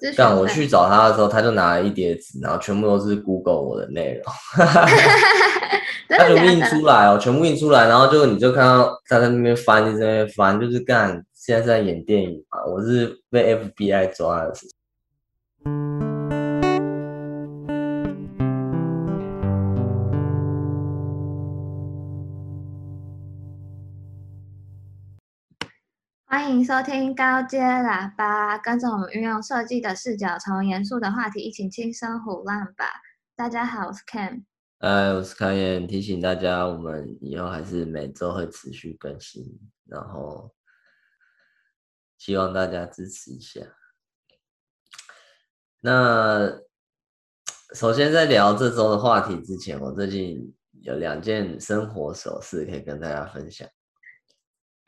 這樣，我去找他的時候，他就拿了一疊紙，然後全部都是 Google 我的內容，哈哈哈哈哈，他就印出來哦 的的，全部印出來，然後就你就看到他在那邊翻，就在那邊翻，就是幹，現在在演電影嘛，我是被 FBI 抓的歡迎收聽高階喇叭，跟着我們運用設計的視角，從嚴肅的話題一起輕聲唬爛吧。大家好，我是 Ken。哎，我是康炎。提醒大家，我們以後還是每周會持續更新，然後希望大家支持一下。那首先在聊這周的話題之前，我最近有兩件生活小事可以跟大家分享。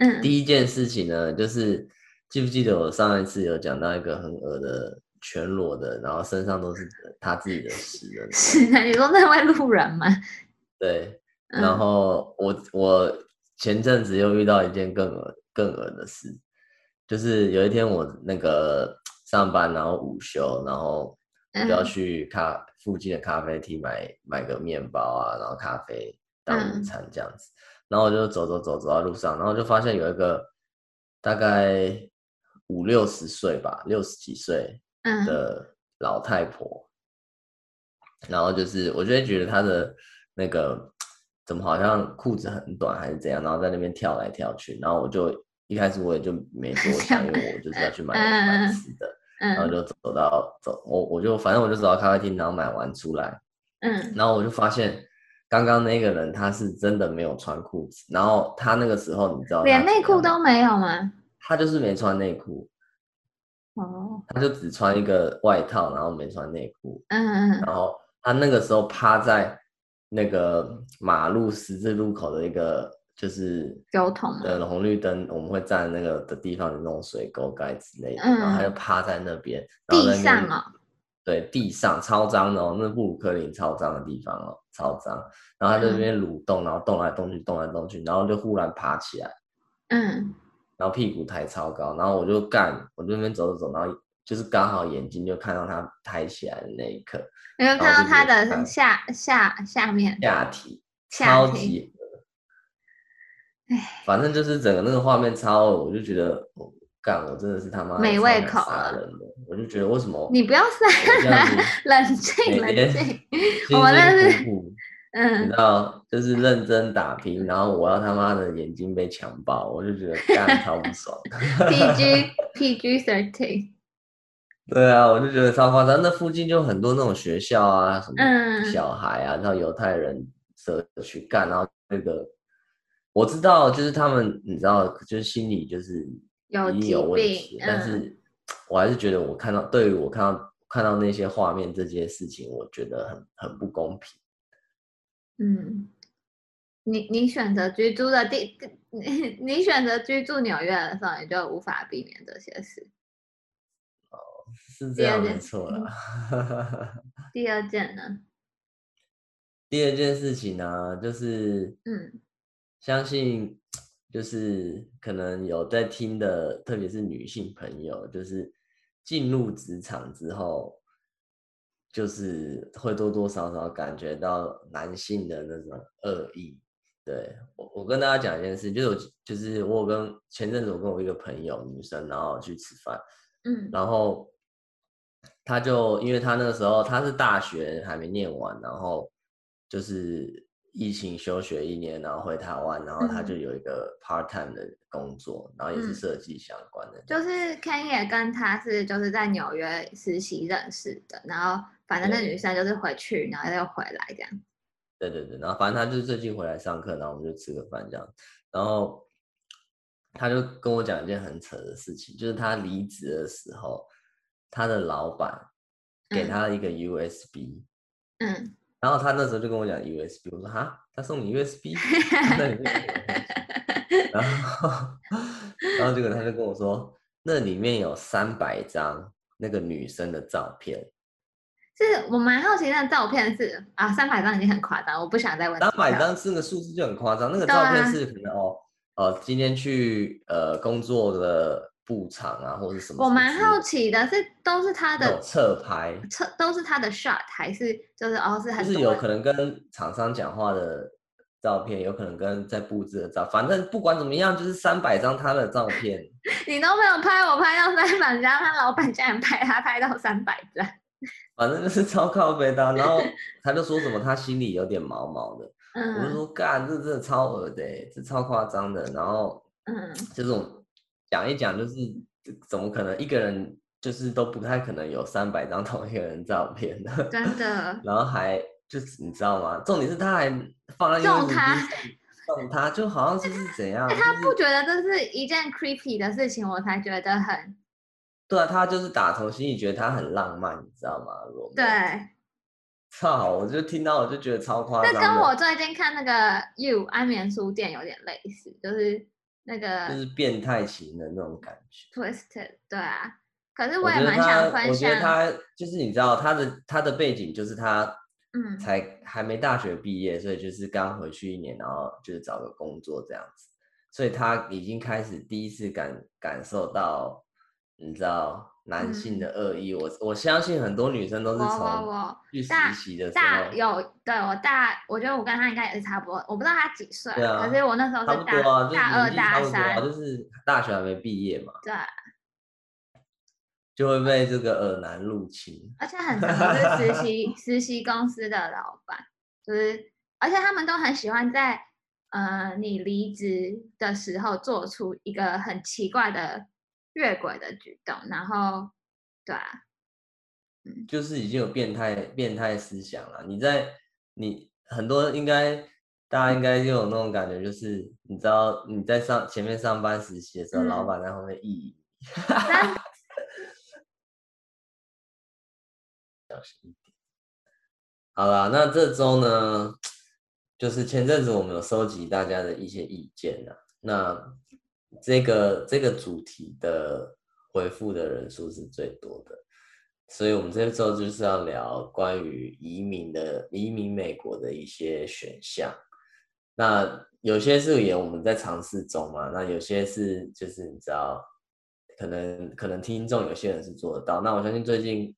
嗯、第一件事情呢，就是記不記得我上一次有講到一個很惡的全裸的，然後身上都是他自己的屎。是的，你說那位路人嗎？對，嗯、然後我我前陣子又遇到一件更惡更惡的事，就是有一天我那個上班，然後午休，然後我就要去咖、嗯、附近的咖啡廳買買個麵包啊，然後咖啡當午餐這樣子。嗯然後我就走走走走到路上，然後就發現有一個大概五六十歲吧，六十幾歲的老太婆，嗯、然後就是我就會覺得她的那個怎麼好像褲子很短還是怎樣，然後在那邊跳來跳去，然後我就一開始我也就沒多想， 因為我就是要去買吃的，嗯、然後就走到走我我就反正我就走到咖啡廳，然後買完出來，嗯、然後我就發現。剛剛那個人他是真的沒有穿褲子，然後他那個時候你知道他連內褲都沒有嗎？他就是沒穿內褲，哦，他就只穿一個外套，然後沒穿內褲，嗯嗯，然後他那個時候趴在那個馬路十字路口的一個就是交通的紅綠燈、嗯，我們會站那個的地方的那種水溝蓋之類的、嗯，然後他就趴在那邊地上嘛、哦對，地上超髒的、喔，那布魯克林超髒的地方哦、喔，超髒。然後它在那邊蠕動、嗯，然後動來動去，動來動去，然後就忽然爬起來，嗯。然後屁股抬超高，然後我就幹，我就在那邊走走走，然後就是剛好眼睛就看到它抬起來的那一刻。有沒有看到它的下下下，下面？下體，下體超級。哎，反正就是整個那個畫面超，我就覺得。幹我真的是他媽沒胃口了，我就覺得為什麼你不要刪啊？冷靜冷靜，我那是嗯，你知道就是認真打拼，然後我要他媽的眼睛被強暴，我就覺得幹超不爽。PG PG 13，對啊，我就覺得超誇張。那附近就很多那種學校啊，什麼小孩啊，然後猶太人舍去干，然後那個我知道就是他們，你知道就,就是心裡就是。也有，有問題，嗯，但是我還是覺得我看到對於我看到看到那些畫面這件事情，我覺得很很不公平。嗯，你你選擇居住的地，你，你選擇居住紐約的時候，你就無法避免這些事。哦，是這樣沒錯啦，嗯。第二件呢？第二件事情呢，啊，就是嗯，相信。就是可能有在聽的，特別是女性朋友，就是進入職場之後，就是會多多少少感覺到男性的那種惡意。對，我，我跟大家講一件事，就是我就是我跟前陣子我跟我一個朋友女生，然後去吃飯，嗯，然後她就因為她那個時候她是大學還沒念完，然後就是。疫情休學一年，然後回台灣，然後他就有一個 part time 的工作，然後也是設計相關的。嗯。就是 Ken 也跟他是就是在紐約實習認識的，然後反正那女生就是回去，嗯，然後又回來這樣。對對對，然後反正他就最近回來上課，然後我們就吃個飯這樣，然後他就跟我講一件很扯的事情，就是他離職的時候，他的老闆給他一個 USB。嗯。嗯。然後他那時候就跟我講 USB，我說哈，他送你 USB？那裡面，然後然後結果，他就跟我說，那裡面有三百張那個女生的照片，是我蠻好奇那照片是。啊，三百張已經很誇張，我不想再問。三百張是那個數字就很誇張，那個照片是可能，哦哦，今天去呃工作的，佈場啊，或者什麼？我蠻好奇的，這都是他的側拍，側都是他的 shot，還是就是哦，是還、就是有可能跟廠商講話的照片，有可能跟在布置的照。反正不管怎麼樣，就是三百張他的照片。 你都沒有拍，我拍到三百張，他老板竟然拍，他拍到三百張。 反正就是超靠北的，然後他就說什麼，他心裡有點毛毛的。 嗯，我就說幹，這真的超噁的、欸，這超誇張的。然後，嗯，這種。講一講，就是怎麼可能一個人就是都不太可能有三百張同一個人照片的，真的。 然後還就是你知道嗎？重點是他還放在一個他，送他，他就好像是是怎樣，欸，就是欸？他不覺得這是一件 creepy 的事情，我才覺得很。對啊，他就是打從心裡覺得他很浪漫，你知道嗎？對，操！我就聽到我就覺得超誇張。這跟我最近看那個 You 安眠書店有點類似，就是。那個就是變態型的那種感覺，twisted，對啊。可是我也蠻想分享，我覺得他就是你知道他的他的背景，就是他嗯，才還沒大學畢業，所以就是剛回去一年，然後就是找個工作這樣子，所以他已經開始第一次感感受到，你知道。男性的惡意，嗯、我我相信很多女生都是從實習的時候 oh, oh, oh. 大，大有對我大，我覺得我跟他應該也是差不多，我不知道他幾歲，對啊，可是我那時候是大、啊就是啊、大二大三，就是大學還沒畢業嘛，對，就會被這個惡男入侵，而且很常是實習 實習公司的老板，就是，而且他們都很喜歡在呃你離職的時候做出一個很奇怪的。越軌的舉動，然後，對啊、嗯，就是已經有變態、變態思想了。你在你很多應該大家應該就有那種感覺，就是你知道你在上前面上班時，的時候，寫、嗯、着老板在後面意，嗯、 小心一點。好了，那這周呢，就是前陣子我們有收集大家的一些意見了那。這個這個主題的回覆的人數是最多的，所以我們這時候就是要聊關於移民的移民美國的一些選項。那有些是也我們在嘗試中嘛，那有些是就是你知道，可能可能聽眾有些人是做得到。那我相信最近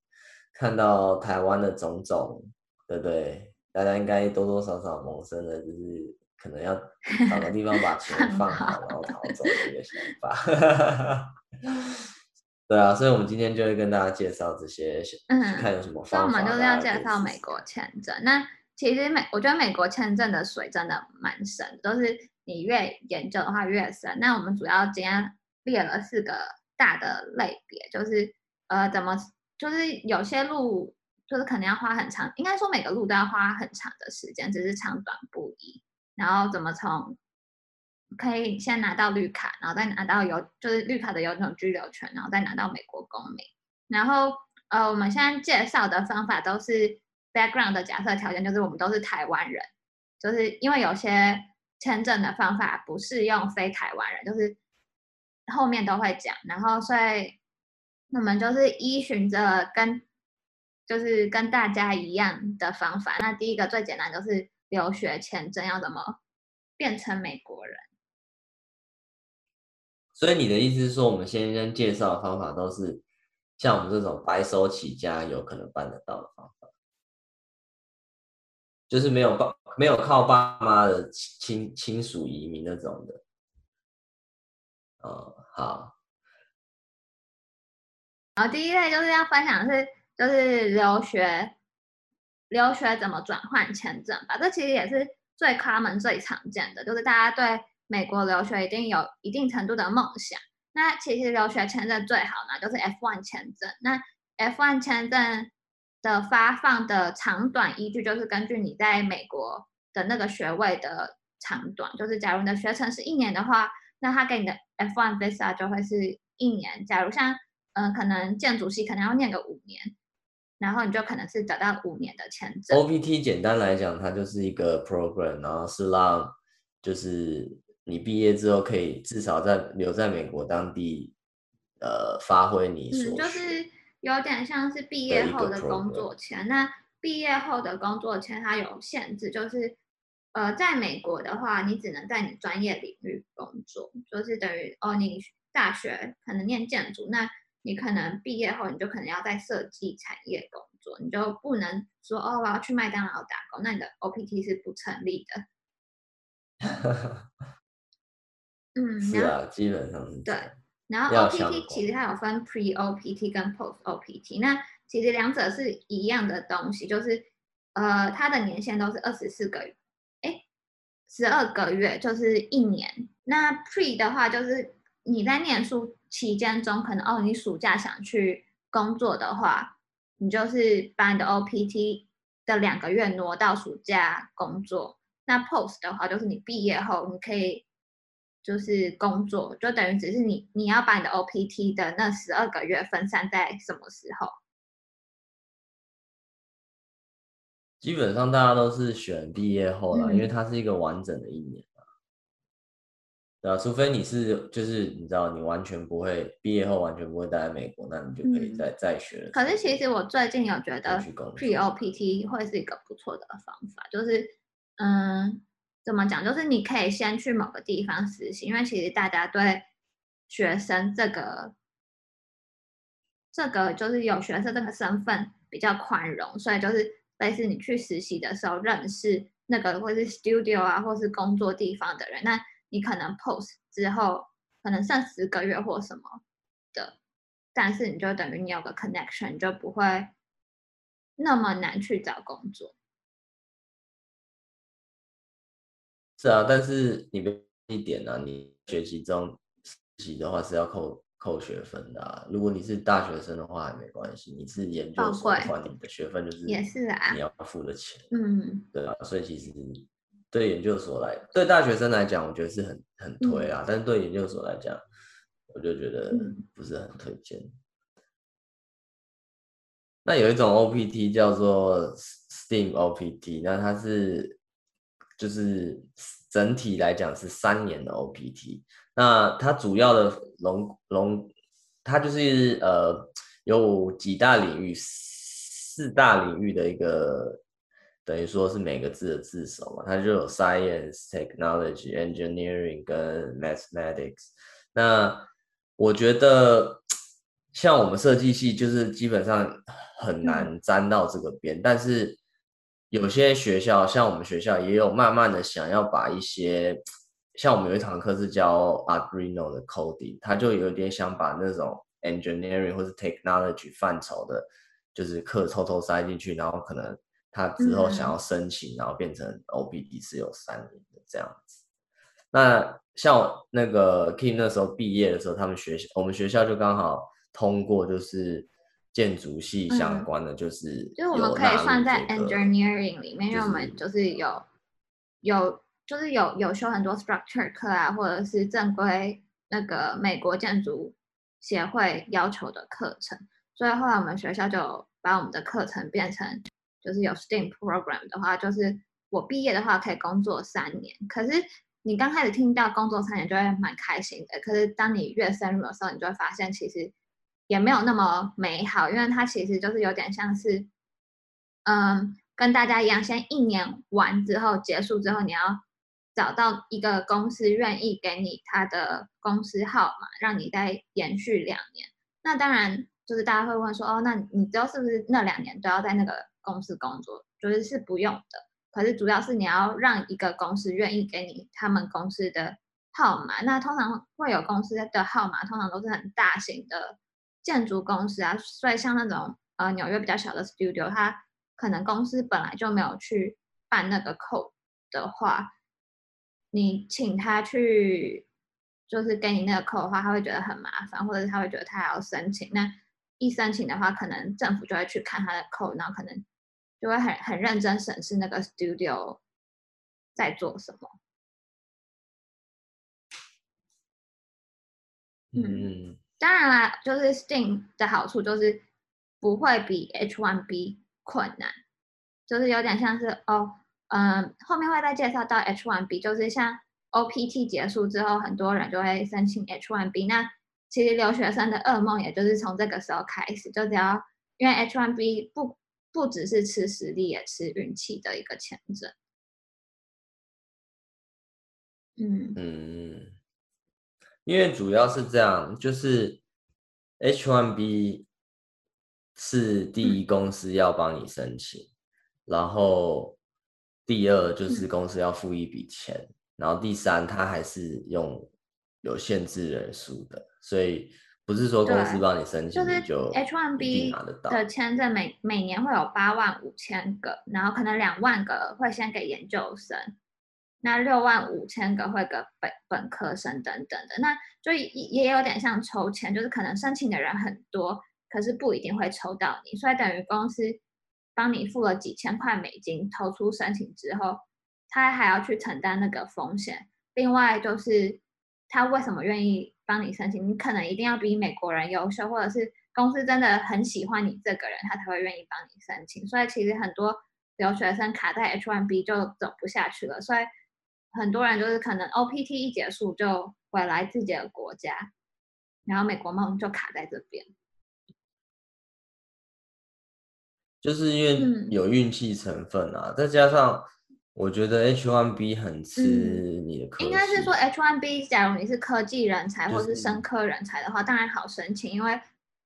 看到台灣的種種，對不對？大家應該多多少少萌生的就是。可能要找個地方把錢放好，然後逃走的一個想法。對啊，所以我們今天就會跟大家介紹這些，看有什麼方法，嗯啊。所以，我們就是要介紹美國簽證。那其實美，我覺得美國簽證的水真的蠻深，就是你越研究的話越深。那我們主要今天要列了四個大的類別，就是呃，怎麼就是有些路就是肯定要花很長，應該說每個路都要花很長的時間，只是長短不一。然後怎麼從可以先拿到綠卡，然後再拿到有就是綠卡的有種居留權，然後再拿到美國公民。然後呃，我們現在介紹的方法都是 background 的假設條件，就是我們都是台灣人，就是因為有些簽證的方法不適用非台灣人，就是後面都會講。然後所以我們就是依循着跟就是跟大家一樣的方法。那第一個最簡單就是。留學簽證要怎麼變成美國人？所以你的意思是說，我們先生介紹的方法都是像我們這種白手起家有可能辦得到的方法，就是沒有爸沒有靠爸媽的親親屬移民那種的。嗯好，好。第一類就是要分享的是就是留學。留學怎麼轉換簽證吧？這其實也是最 common 最常見的，就是大家對美國留學一定有一定程度的夢想。那其實留學簽證最好呢，就是 F1 簽證。那 F1 簽證的發放的長短依據就是根據你在美國的那個學位的長短。就是假如你的學程是一年的話，那他給你的 F1 visa 就會是一年。假如像嗯，可能建築系可能要念個五年。然後你就可能是得到五年的簽證。OPT 簡單來講，它就是一個 program，然後是讓就是你畢業之後可以至少在留在美國當地，呃，發揮你所嗯，就是有點像是畢業後的工作簽。那畢業後的工作簽它有限制，就是呃，在美國的話，你只能在你專業領域工作，就是等於哦，你大學可能念建築，那。你可能畢業後，你就可能要在設計產業工作，你就不能說哦，我要去麥當勞打工，那你的 OPT 是不成立的。 嗯，是啊，基本上對。然後 OPT 其實它有分 Pre OPT 跟 Post OPT，那其實兩者是一樣的東西，就是呃，它的年限都是二十四個月，哎，十二個月，誒12個月就是一年。那 Pre 的話，就是你在念書。期間中可能哦，你暑假想去工作的話，你就是把你的 OPT 的兩個月挪到暑假工作。那 Post 的話，就是你畢業後你可以就是工作，就等於只是你你要把你的 OPT 的那十二個月分散在什麼時候？基本上大家都是選畢業後了，嗯，因為它是一個完整的一年。啊，除非你是就是你知道，你完全不會，畢業後完全不會待在美國，那你就可以再、嗯、再學了，可是其實我最近有覺得，OPT 會是一個不錯的方法，就是嗯，怎麼講？就是你可以先去某個地方實習，因為其實大家對學生這個這個就是有學生這個身份比較寬容，所以就是類似你去實習的時候認識那個或是 studio 啊，或是工作地方的人，那。你可能 post 之後可能上十個月或什麼的，但是你就等於你有個 connection，你就不會那麼難去找工作。是啊，但是你別一點啊，你學期中實習的話是要扣扣學分的啊。如果你是大學生的話，還沒關係，你是研究生的話，你的學分就是也是啊，你要付的錢啊，嗯，對啊，所以其實是你。對研究所來，對大學生來講，我覺得是很很推啊。但是對研究所來講，我就覺得不是很推薦。那有一種 OPT 叫做 STEM OPT，那它是就是整體來講是三年的 OPT。那它主要的龍龍，它就是呃有幾大領域，四大領域的一個。等於說是每個字的字首嘛，它就有 science, technology, engineering 跟 mathematics。那我覺得，像我們設計系就是基本上很難沾到這個邊，嗯，但是有些學校像我們學校也有慢慢的想要把一些像我們有一堂課是教 Arduino 的 coding 他就有點想把那種 engineering 或是 technology 範疇的，就是課偷偷偷塞進去，然後可能。他之後想要申請，然後變成 OBD 是有三年的這樣子。那像那個 Kim 那時候畢業的時候，他們學校我們學校就剛好通過，就是建築系相關的，就是、嗯，就是就是我們可以算在 engineering 裡面，因為我們就是有有就是有有修很多 structure 課啊，或者是正規那個美國建築協會要求的課程，所以後來我們學校就把我們的課程變成。就是有 STEM program 的話，就是我畢業的話可以工作三年。可是你剛開始聽到工作三年就會蠻開心的，可是當你越深入的時候，你就會發現其實也沒有那麼美好，因為它其實就是有點像是，嗯、呃，跟大家一樣，先一年完之後結束之後，你要找到一個公司願意給你他的公司號碼，讓你再延續兩年。那當然就是大家會問說，哦，那你知道是不是那兩年都要在那個？公司工作，就是是不用的，可是主要是你要讓一個公司願意給你他們公司的號碼。那通常會有公司的號碼，通常都是很大型的建築公司啊。所以像那種呃紐約比較小的 studio，他可能公司本來就沒有去辦那個 code 的話，你請他去就是給你那個 code 的話，他會覺得很麻煩，或者是他會覺得他還要申請。那一申請的話，可能政府就會去看他的 code，然後可能。就會很很認真審視那個 studio 在做什麼嗯。嗯，當然啦，就是 STEM 的好處就是不會比 H1B 困難，就是有點像是哦，嗯，後面會再介紹到 H1B，就是像 OPT 結束之後，很多人就會申請 H1B。那其實留學生的噩夢，也就是從這個時候開始，就只要因為 H1B 不。不只是吃實力，也是運氣的一個簽證。嗯嗯，因為主要是這樣，就是 H1B 是第一公司要幫你申請、嗯，然後第二就是公司要付一筆錢、嗯，然後第三它還是用有限制人數的，所以。不是說公司幫你申請你就，就是就 H1B 的簽證每，每每年會有八萬五千個，然後可能兩萬個會先給研究生，那六萬五千個會給本本科生等等的，那就也有點像抽籤，就是可能申請的人很多，可是不一定會抽到你，所以等於公司幫你付了幾千塊美金，投出申請之後，他還要去承擔那個風險。另外就是他為什麼願意？幫你申請，你可能一定要比美國人優秀，或者是公司真的很喜歡你這個人，他才會願意幫你申請。所以其實很多留學生卡在 H-1B 就走不下去了，所以很多人就是可能 OPT 一結束就回來自己的國家，然後美國夢就卡在這邊。就是因為有運氣成分啊，嗯、再加上。我覺得 H1B 很吃你的科、嗯。應該是說 H1B，假如你是科技人才或是生科人才的話，就是、當然好申請，因為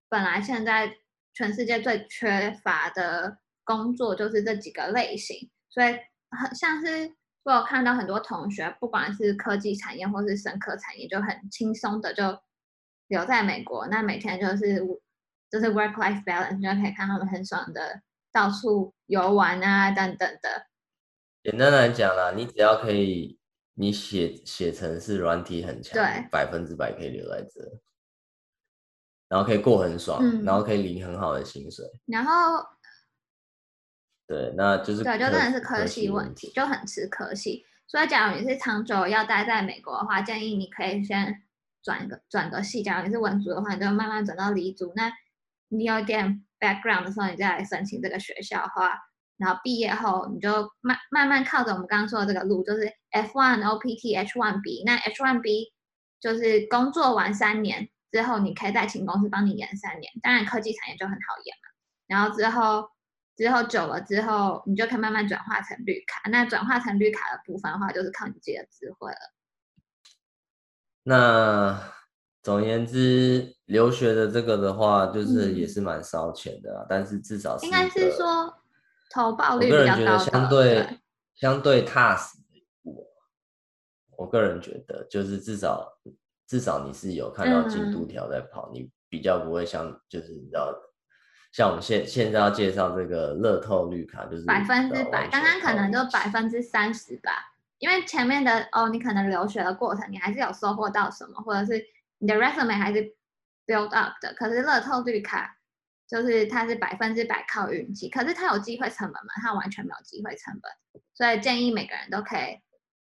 本來現在全世界最缺乏的工作就是這幾個類型，所以很像是我看到很多同學，不管是科技產業或是生科產業，就很輕鬆的就留在美國，那每天就是就是 work life balance，就可以看他們很爽的到處遊玩啊等等的。簡單來講啦，你只要可以，你寫寫成是軟體很強，百分之百可以留在這兒，然後可以過很爽、嗯，然後可以領很好的薪水，然後，對，那就是對，就真的是科系問題，問題就很吃科系。嗯、所以，假如你是長久要待在美國的話，建議你可以先轉個轉個系，假如你是文組的話，你就慢慢轉到理組。那你有點 background 的時候，你再來申請這個學校的話。然後畢業後，你就慢慢慢靠着我們剛剛說的這個路，就是 F1 OPT H1B。那 H1B 就是工作完三年之後，你可以再請公司幫你延三年。當然，科技產業就很好延嘛。然後之後之後久了之後，你就可以慢慢轉化成綠卡。那轉化成綠卡的部分的話，就是靠你自己的智慧了。那總言之，留學的這個的話，就是也是蠻燒錢的、啊嗯，但是至少是應該是說。投爆率比較高，相對,對相對踏實。我我個人覺得就是至少至少你是有看到進度條在跑、嗯，你比較不會像就是你知道像我們現現在要介紹這個樂透綠卡，嗯、就是百分之百，剛剛可能就百分之三十吧，因為前面的哦，你可能留學的過程你還是有收穫到什麼，或者是你的 resume 還是 build up 的，可是樂透綠卡。就是它是百分之百靠運氣，可是它有機會成本嗎？它完全沒有機會成本，所以建議每個人都可以，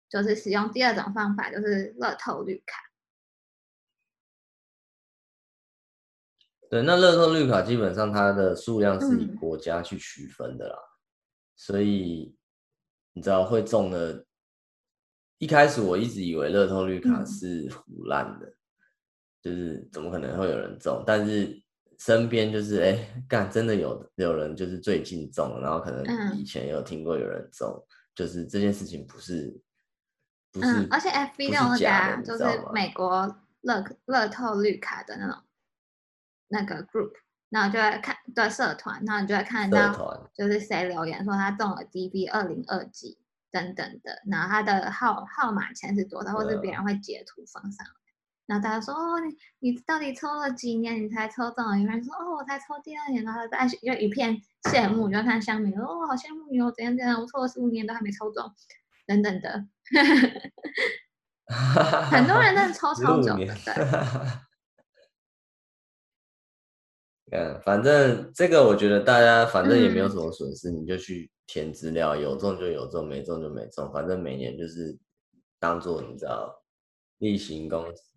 就是使用第二種方法，就是樂透綠卡。對，那樂透綠卡基本上它的數量是以國家去區分的啦、嗯，所以你知道會中的，一開始我一直以為樂透綠卡是唬爛的、嗯，就是怎麼可能會有人中？但是。身邊就是哎，幹、欸、真的有有人就是最近中，然後可能以前有聽過有人中、嗯，就是這件事情不是，不是嗯，而且 F B 上的家是的就是美國樂樂透綠卡的那種那個 group，那我就來看對社團，那你就來看到就是誰留言說他中了 D B 二零二幾等等的，然後他的號號碼前是多少，或是別人會截圖放上。嗯然後大家說：“哦，你你到底抽了幾年？你才抽中？”有人說：“哦，我才抽第二年。”然後大家就一片羨慕，我就要看下面，哦，好羨慕你哦，怎樣怎樣，我抽了四五年都還沒抽中，等等的。 很多人都是抽超久。嗯， yeah, 反正這個我覺得大家反正也沒有什麼損失，嗯，你就去填資料，有中就有中，沒中就沒中，反正每年就是當做你知道例行公事。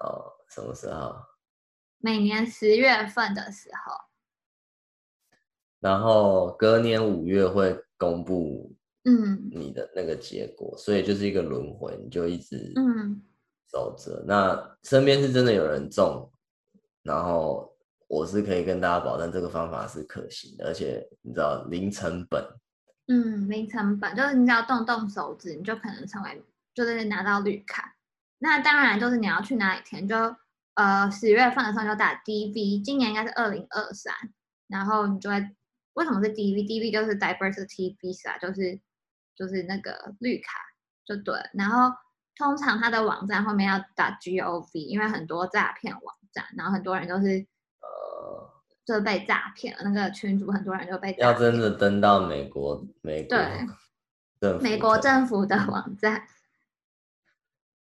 哦，什麼時候？每年十月份的時候，然後隔年五月會公布，嗯，你的那個結果，嗯，所以就是一個輪迴，嗯，你就一直嗯走着嗯。那身邊是真的有人中，然後我是可以跟大家保證這個方法是可行的，而且你知道零成本，嗯，零成本就是你只要動動手指，你就可能成為，就是拿到綠卡。那當然就是你要去哪裡填，就呃十月份的時候就打 DV，今年應該是二零二三，然後你就會，為什麼是 DV？DV DV 就是 diversity visa，就是就是那個綠卡，就對了。然後通常它的網站後面要打 gov，因為很多詐騙網站，然後很多人都是呃就是被詐騙了。那個群組很多人就被，要真的登到美國美國對的美國政府的網站。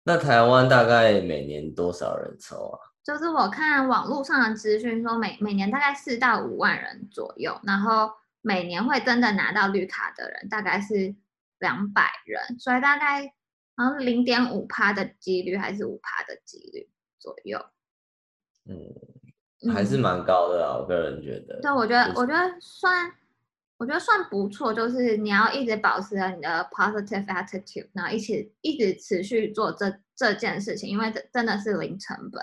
那台灣大概每年多少人抽啊？就是我看網絡上的資訊說每，每每年大概四到五萬人左右，然後每年會真的拿到綠卡的人大概是兩百人，所以大概好像零點五趴的幾率還是五趴的幾率左右。嗯，還是蠻高的啊、嗯，我個人覺得。對，我覺得、就是、我覺得算。我覺得算不錯，就是你要一直保持你的 positive attitude，然後一起一直持續做這這件事情，因為這真的是零成本。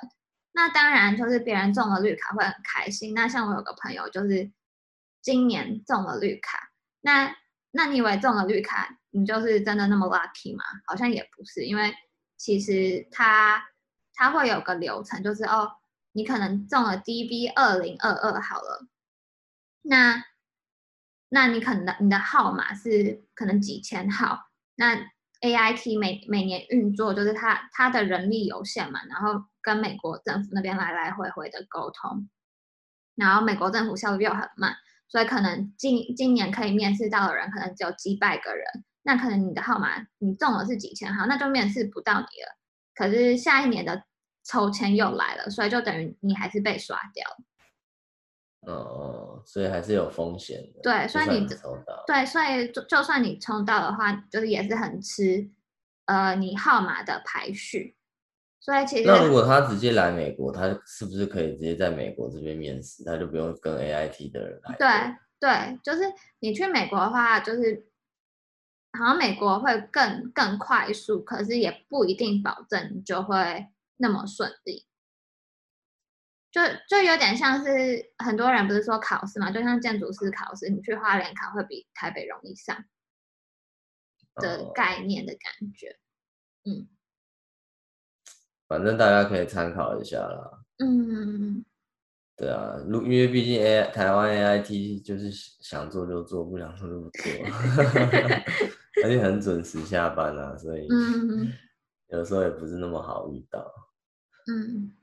那當然就是別人中了綠卡會很開心。那像我有個朋友就是今年中了綠卡，那那你以為中了綠卡你就是真的那麼 lucky 嗎？好像也不是，因為其實它它會有個流程，就是哦，你可能中了 DV 2022好了，那。那你可能你的號碼是可能幾千號，那 AIT 每每年運作就是他他的人力有限嘛，然後跟美國政府那邊來來回回的溝通，然後美國政府效率又很慢，所以可能今今年可以面試到的人可能只有幾百個人，那可能你的號碼你中了是幾千號，那就面試不到你了。可是下一年的抽籤又來了，所以就等於你還是被刷掉。哦，所以還是有風險的。對，所以你抽到，對，所以就就算你抽到的話，就是也是很吃，呃，你號碼的排序。所以其實，那如果他直接來美國，他是不是可以直接在美國這邊面試？他就不用跟 AIT 的人來的？對對，就是你去美國的話，就是好像美國會更更快速，可是也不一定保證你就會那麼順利。就就有點像是很多人不是說考試嘛，就像建築師考試，你去花蓮考會比台北容易上的概念的感覺，哦。嗯，反正大家可以參考一下啦。嗯，對啊，因為畢竟 A 台灣 AIT 就是想做就做，不想做就不做， 而且很準時下班啊，所以嗯嗯，有時候也不是那麼好遇到。嗯。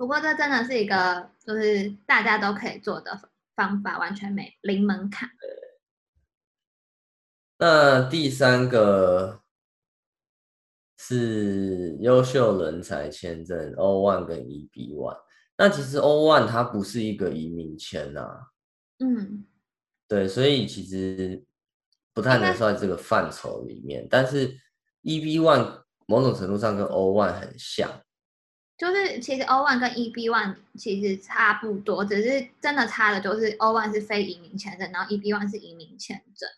不過這真的是一個就是大家都可以做的方法，完全沒零門檻。那第三個是優秀人才簽證 O1 跟 EB1。那其實 O1 它不是一個移民簽吶，啊，嗯，對，所以其實不太能算在這個範疇裡面。但是 EB1 某種程度上跟 O1 很像。就是其實 O 1跟 E B one 其實差不多，只是真的差的就是 O 1是非移民簽證，然後 E B one 是移民簽證。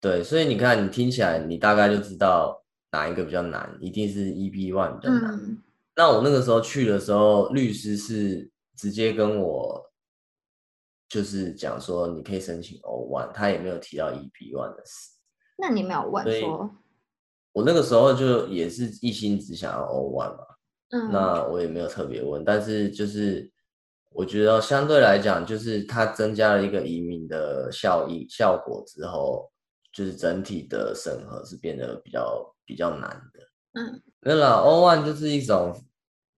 對，所以你看，你聽起來，你大概就知道哪一個比較難，一定是 E B one 難。嗯。那我那個時候去的時候，律師是直接跟我就是講說，你可以申請 O 1，他也沒有提到 E B one 的事。那你沒有問說？我那個時候就也是一心只想要 O1 嘛，嗯，那我也沒有特別問，但是就是我覺得相對來講，就是它增加了一個移民的效益效果之後，就是整體的審核是變得比較比較難的。嗯，那老 O1 就是一種，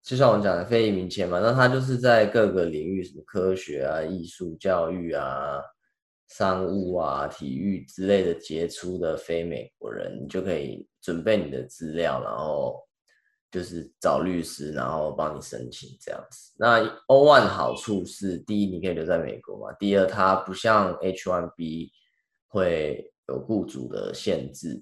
就像我們講的非移民簽嘛，那它就是在各個領域，什麼科學啊、藝術、教育啊。商務啊、體育之類的傑出的非美國人，你就可以準備你的資料，然後就是找律師，然後幫你申請這樣子。那 O one 的好處是，第一你可以留在美國嘛，第二它不像 H one B 會有僱主的限制，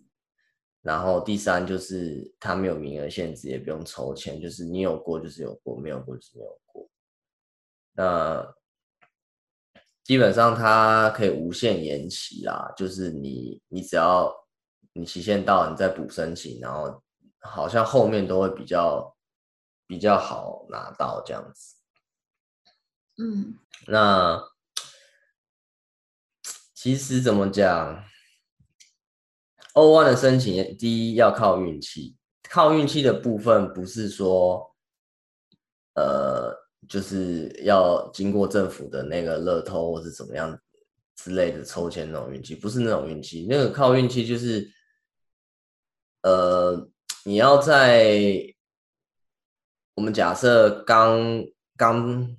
然後第三就是它沒有名額限制，也不用抽籤，就是你有過就是有過，沒有過就是沒有過。那基本上它可以無限延期啦，就是你你只要你期限到，你再補申請，然後好像後面都會比較比較好拿到這樣子。嗯，那其實怎麼講，歐 o 的申請第一要靠運氣，靠運氣的部分不是說，呃。就是要經過政府的那個樂透或是怎麼樣之類的抽籤那種運氣，不是那種運氣，那個靠運氣就是，呃，你要在我們假設剛剛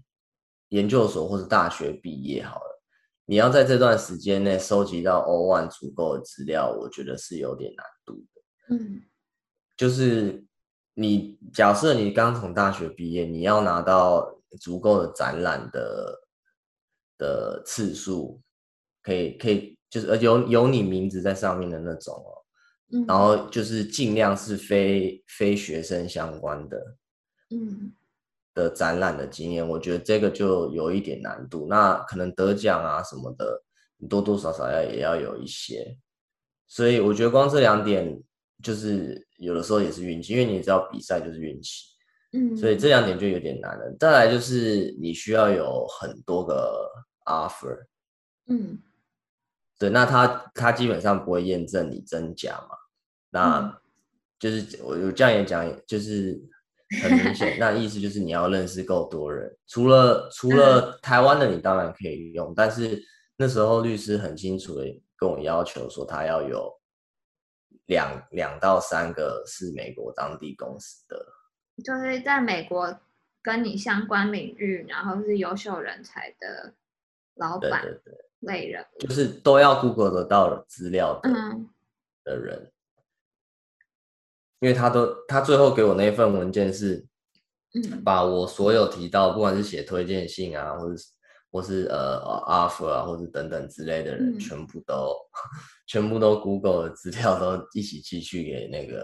研究所或者大學畢業好了，你要在這段時間內收集到 O1 足夠的資料，我覺得是有點難度的。嗯，就是。你假設你剛從大學畢業，你要拿到足夠的展覽的的次數，可以可以，就是呃有有你名字在上面的那種哦，然後就是盡量是非非學生相關的，嗯，的展覽的經驗，我覺得這個就有一點難度。那可能得獎啊什麼的，你多多少少要也要有一些，所以我覺得光這兩點。就是有的時候也是運氣，因為你知道比賽就是運氣，嗯，所以這兩點就有點難了。再來就是你需要有很多個 offer，嗯，對，那他他基本上不會驗證你真假嘛，那、嗯、就是我有這樣也講，就是很明顯， 那意思就是你要認識夠多人。除了除了台灣的，你當然可以用、嗯，但是那時候律師很清楚的跟我要求說，他要有。兩兩到三個是美國當地公司的，就是在美國跟你相關領域，然後是優秀人才的老闆，對對對、類人就是都要 Google 得到資料的、嗯、的人，因為他都他最後給我那份文件是，把我所有提到、嗯、不管是寫推薦信啊，或是或是呃、uh, offer 啊，或是等等之類的人，嗯、全部都。 全部都 Google 的資料都一起寄去給那個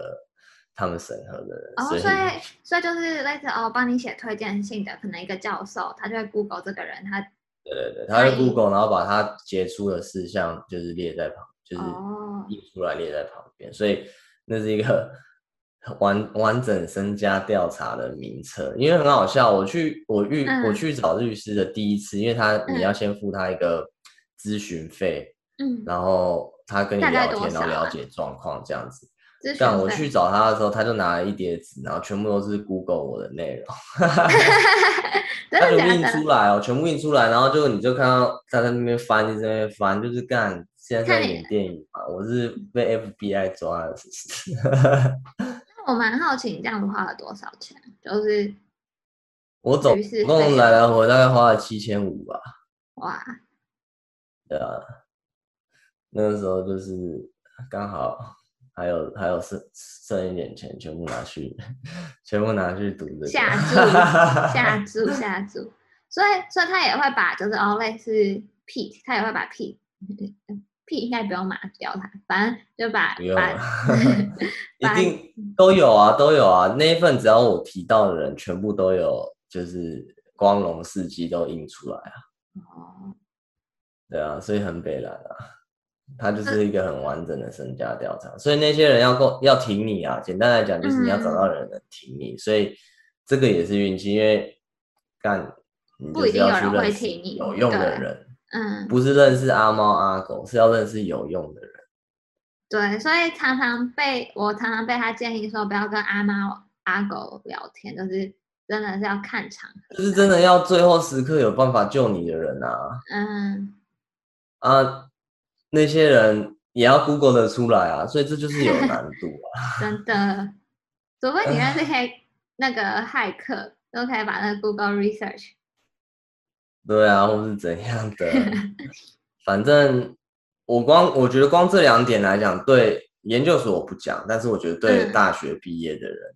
他們審核的人。Oh, 所以所以就是那次哦，幫、oh, 你寫推薦信的可能一個教授，他就會 Google 這個人，他對對對，他會 Google，然後把他傑出的事項就是列在旁，就是列出來列在旁邊。Oh. 所以那是一個完完整身家調查的名稱，因為很好笑，我去我律、嗯、我去找律師的第一次，因為他你要先付他一個諮詢費，嗯，然後。他跟你聊天，然後了解狀況這樣子。像我去找他的時候，他就拿了一疊紙，然後全部都是 Google 我的內容。哈哈哈，他就印出來哦、喔，全部印出來，然後就你就看到他在那邊翻，就在那邊翻，就是幹現在在演電影嘛。我是被 FBI 抓了，哈哈哈，我蠻好奇，你這樣子花了多少錢？就是我總共來來回，大概花了七千五吧。哇，對啊。那個時候就是剛好還有還有剩剩一點錢，全部拿去全部拿去賭的下注 下注下注，所以所以他也會把就是哦類似屁他也會把屁屁應該不用拿掉他，反正就把把 一定都有啊都有啊，那一份只要我提到的人全部都有，就是光榮事跡都印出來啊哦，對啊，所以很北爛啊。他就是一個很完整的身家調查，嗯，所以那些人要夠要挺你啊！簡單來講，就是你要找到的人能挺你，嗯，所以這個也是運氣，因為幹不一定有人會挺你，有用的人，嗯，不是認識阿貓阿狗，是要認識有用的人。對，所以常常被我常常被他建議說，不要跟阿貓阿狗聊天，就是真的是要看場合，就是真的要最後時刻有辦法救你的人啊。嗯啊。那些人也要 Google 的出來啊，所以這就是有難度啊。 真的，除非你那是駭那個駭客， 都可以把那個 Google Research。對啊，或是怎樣的。反正我光我覺得光這兩點來講，對研究所我不講，但是我覺得對大學畢業的人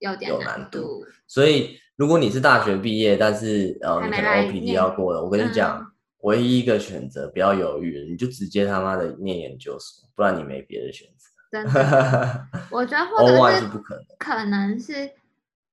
有，有點難度。所以如果你是大學畢業，但是呃你可能 OPT 要過了，我跟你講。嗯唯一一個選擇，不要猶豫，你就直接他媽的念研究所，不然你沒別的選擇。 真的，我覺得或者 O1 是不可能，可能是，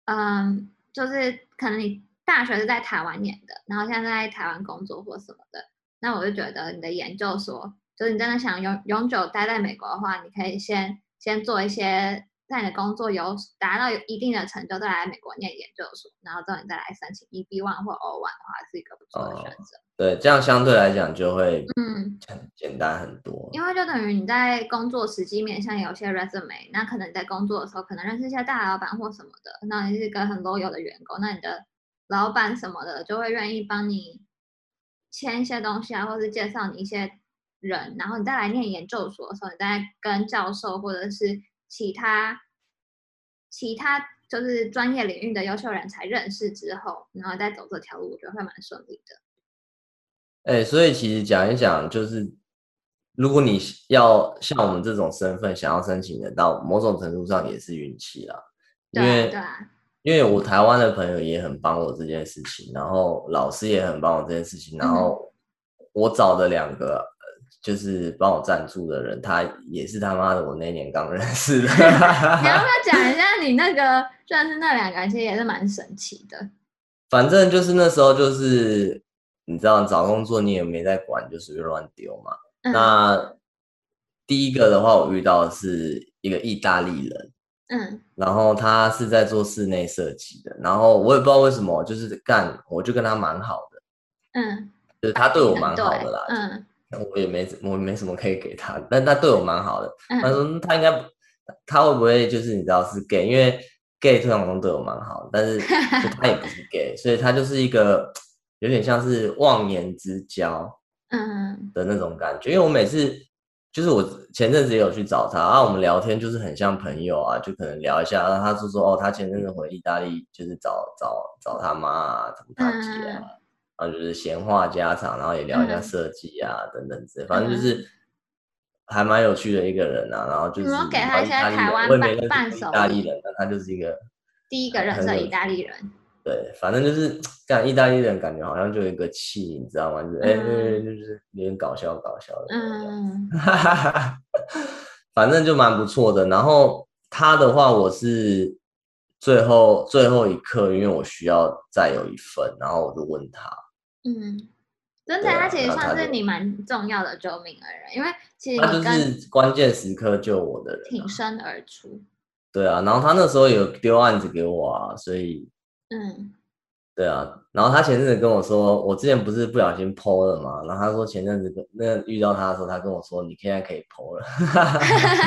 嗯，就是可能你大學是在台灣念的，然後現在在台灣工作或什麼的，那我就覺得你的研究所，就是你真的想永永久待在美國的話，你可以先先做一些。在你的工作有達到有一定的成就，再來美國念研究所，然後之後你再來申請 EB one 或 O one 的話，是一個不錯的選擇。哦、對，這樣相對來講就會嗯簡單很多、嗯。因為就等於你在工作實際面，像有些 resume，那可能你在工作的時候可能認識一些大老闆或什麼的，那你是一個很 loyal 的員工，那你的老闆什麼的就會願意幫你簽一些東西啊，或是介紹你一些人，然後你再來念研究所的時候，你再來跟教授或者是其他其他就是專業領域的優秀人才認識之後，然後再走這條路，我覺得會蠻順利的。哎、欸，所以其實講一講，就是如果你要像我們這種身份想要申請得到某種程度上也是運氣啦。對對。因為，啊、因為我台灣的朋友也很幫我這件事情，然後老師也很幫我這件事情，然後我找的兩個，嗯就是幫我贊助的人，他也是他媽的，我那年剛認識的。 你要不要講一下，你那個算 是那兩個人也是蠻神奇的。反正就是那時候，就是你知道找工作，你也沒在管，就隨便亂丟嘛。嗯、那第一個的話，我遇到是一個意大利人，嗯，然後他是在做室內設計的，然後我也不知道為什麼，就是幹我就跟他蠻好的，嗯，就是他對我蠻好的啦，嗯。嗯我也沒我沒什麼可以給他，但他對我蠻好的。他說他應該他會不會就是你知道是 gay，因為 gay 通常都對我蠻好，但是就他也不是 gay， 所以他就是一個有點像是忘年之交嗯的那種感覺。因為我每次就是我前陣子也有去找他，然後我們聊天就是很像朋友啊，就可能聊一下。然後他說說哦，他前陣子回意大利，就是找找找他媽啊，找他姐啊。嗯啊，就是閒話家常，然後也聊一下設計啊嗯嗯，等等之類，反正就是還蠻有趣的一個人啊。嗯、然後就是、嗯、okay, 然後意大利人，伴手禮他就是一個第一個認識的意大利人。對，反正就是幹意大利人，感覺好像就有一個氣，你知道嗎？就是哎、嗯欸，就是有點搞笑搞笑的。嗯，哈哈哈。反正就蠻不錯的。然後他的話，我是最後最後一刻，因為我需要再有一份，然後我就問他。嗯，真的、啊，他其實算是你蠻重要的救命恩人、啊，因為其實他就是關鍵時刻救我的人、啊，挺身而出。對啊，然後他那時候有丟案子給我啊，所以嗯，對啊，然後他前陣子跟我說，我之前不是不小心 po 了嘛，然後他說前陣子那個、遇到他的時候，他跟我說你現在可以 po 了，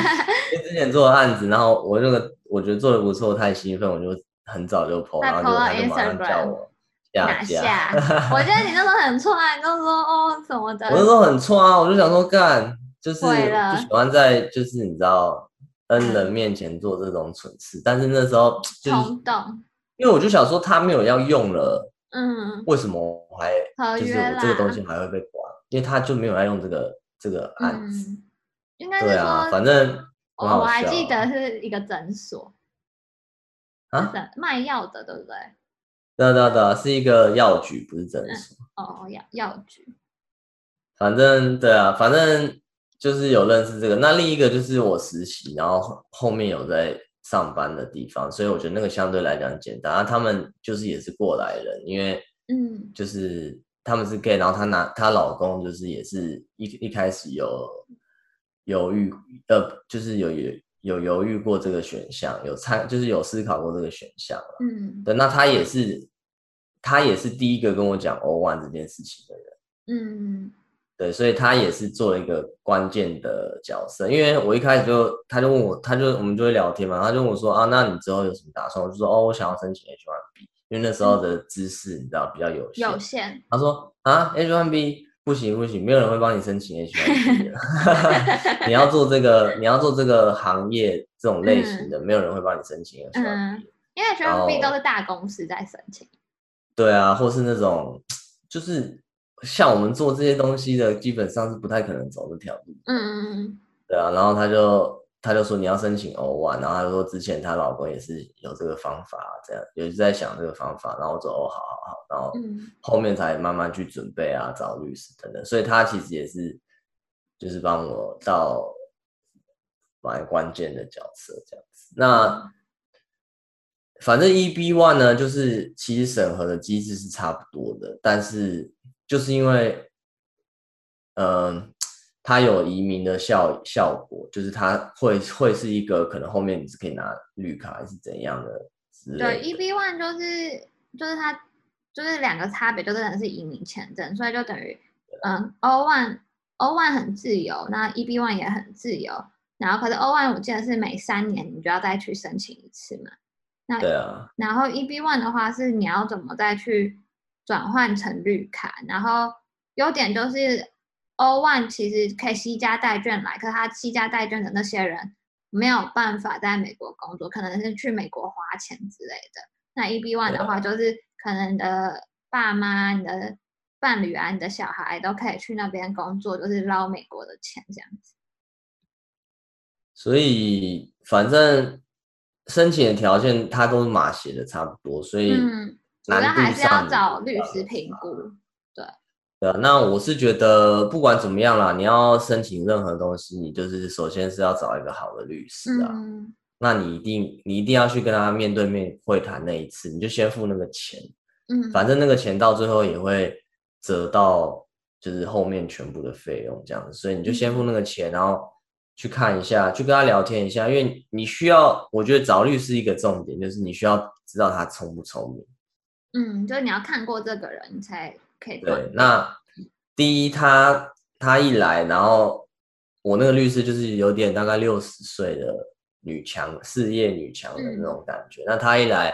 因為之前做的案子，然後我這個我覺得做的不錯，太興奮，我就很早就 po，然後就，他就馬上叫我。 拿下！ 我覺得你那時候很錯啊，你就說哦怎麼的。我那時候很錯啊，我就想說幹，就是不喜歡在就是你知道恩人面前做這種蠢事。 但是那時候就是衝動，因為我就想說他沒有要用了，嗯，為什麼我還就是我這個東西還會被關、嗯？因為他就沒有要用這個這個案子，對啊，反正還我還記得是一個診所，啊，賣藥的對不對？對對對，是一個藥局，不是診所、嗯。哦，藥藥局。反正對啊，反正就是有認識這個。那另一個就是我實習，然後後面有在上班的地方，所以我覺得那個相對來講簡單、啊。他們就是也是過來人，因為嗯，就是他們是 gay，然後她拿她老公就是也是一一開始有猶豫，呃，就是猶豫。有有猶豫過這個選項，有參就是有思考過這個選項。嗯，對，那他也是，他也是第一個跟我講 O one 這件事情的人。嗯，對，所以他也是做了一個關鍵的角色。因為我一開始就他就問我，他就我們就會聊天嘛，他就問我說啊，那你之後有什麼打算？我就說哦，我想要申請 H one B，因為那時候的知識你知道比較有限。有限。他說啊，H one B。H1B？不行不行，沒有人會幫你申請 H1B 的。 你要做這個，你要做這個行業這種類型的、嗯，沒有人會幫你申請的。嗯，因為 H1B 都是大公司在申請。對啊，或是那種，就是像我們做這些東西的，基本上是不太可能走這條路。嗯嗯嗯。對啊，然後他就。他就說你要申請 O 1，然後他就說之前她老公也是有這個方法，這樣也是在想這個方法，然後說哦，好好好，然後後面才慢慢去準備啊，找律師等等，所以他其實也是就是幫我到蠻關鍵的角色這樣子。那反正 E B one 呢，就是其實審核的機制是差不多的，但是就是因為嗯。呃它有移民的效效果，就是它會會是一個可能後面你是可以拿綠卡還是怎樣的之類。對，EB1 就是就是它就是兩個差別就真的是移民簽證，所以就等於嗯 O1 O1 很自由，那 EB1 也很自由。然後可是 O1 我記得是每三年你就要再去申請一次嘛。那對啊。然後 EB1 的話是你要怎麼再去轉換成綠卡，然後優點就是。O -1 其實可以攜家帶眷來，可他攜家帶眷的那些人沒有辦法在美國工作，可能是去美國花錢之類的。那 EB-1 的話，就是可能你的爸媽、啊、你的伴侶啊、你的小孩都可以去那邊工作，就是撈美國的錢這樣子。所以反正申請的條件，他都嘛寫的差不多，所以嗯，主要還是要找律師評估。對啊，那我是覺得不管怎麼樣啦，你要申請任何東西，你就是首先是要找一個好的律師啊。嗯，那你一定你一定要去跟他面對面會談那一次，你就先付那個錢。嗯，反正那個錢到最後也會折到就是後面全部的費用這樣，所以你就先付那個錢，嗯，然後去看一下，去跟他聊天一下，因為你需要，我覺得找律師一個重點就是你需要知道他聰不聰明。嗯，就是你要看過這個人你才。對，那第一他，他他一來，然後我那個律師就是有點大概六十歲的女強，事業女強的那種感覺、嗯。那他一來，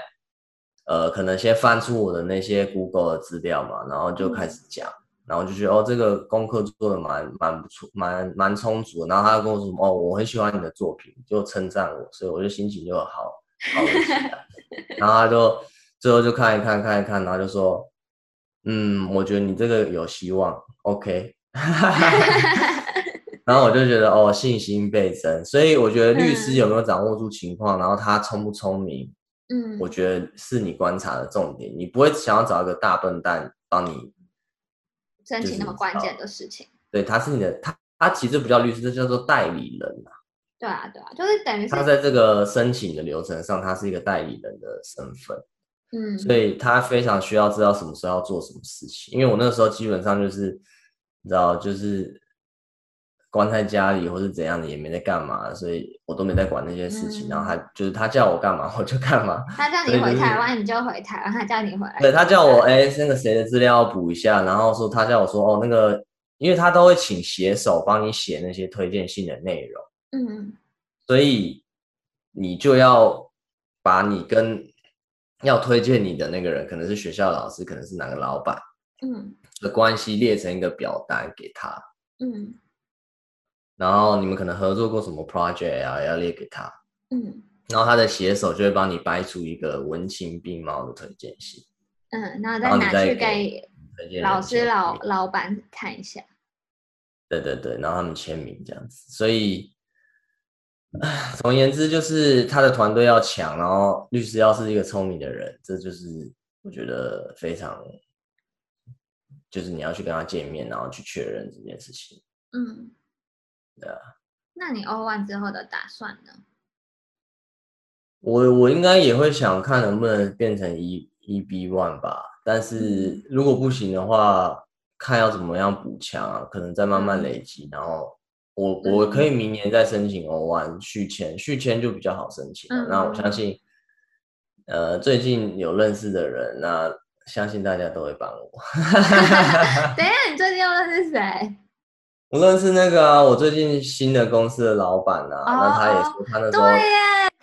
呃，可能先翻出我的那些 Google 的資料嘛，然後就開始講、嗯，然後就覺得哦，這個功課做的蠻蠻不錯，蠻蠻充足。然後他就跟我說哦，我很喜歡你的作品，就稱讚我，所以我就心情就好，好 然後他就最後就看一看，看一看，然後就說。嗯，我覺得你這個有希望，OK。 然後我就覺得哦，信心倍增。所以我覺得律師有沒有掌握住情況，嗯，然後他聰不聰明，嗯，我覺得是你觀察的重點。你不會想要找一個大笨蛋幫你申請那麼關鍵的事情。對，他是你的，他他其實不叫律師，這叫做代理人嘛，啊。對啊，對啊，就是等於是他在這個申請的流程上，他是一個代理人的身份。嗯，所以他非常需要知道什麼時候要做什麼事情，因為我那個時候基本上就是，你知道，就是關在家裡或是怎樣的，也沒在幹嘛，所以我都沒在管那些事情。嗯、然後他就是他叫我幹嘛我就幹嘛，他叫你回台灣、 就是、你就回台灣，他叫你回來，對，他叫我哎，那個誰的資料要補一下，然後說他叫我說哦那個，因為他都會請寫手幫你寫那些推薦信的內容，嗯，所以你就要把你跟要推薦你的那個人可能是學校老師，可能是哪個老闆，嗯，的關係列成一個表單給他，嗯，然後你們可能合作過什麼 project 啊，也要列給他，嗯，然後他的寫手就會幫你掰出一個文情並茂的推薦信，嗯，然後，然後再拿去給老師老老闆看一下，對對對，然後他們簽名這樣子，所以。總而言之，就是他的團隊要強，然後律師要是一個聰明的人，這就是我覺得非常，就是你要去跟他見面，然後去確認這件事情。嗯，對啊。那你 O one 之後的打算呢？我我應該也會想看能不能變成 E E B one 吧，但是如果不行的話，看要怎麼樣補強啊，可能再慢慢累積，然後。我我可以明年再申請 O1 續簽，續簽就比較好申請了嗯嗯。那我相信，呃，最近有認識的人，那相信大家都會幫我。 等下，你最近又認識誰？我認識那個、啊、我最近新的公司的老闆吶、啊，oh, 那他也說他那時候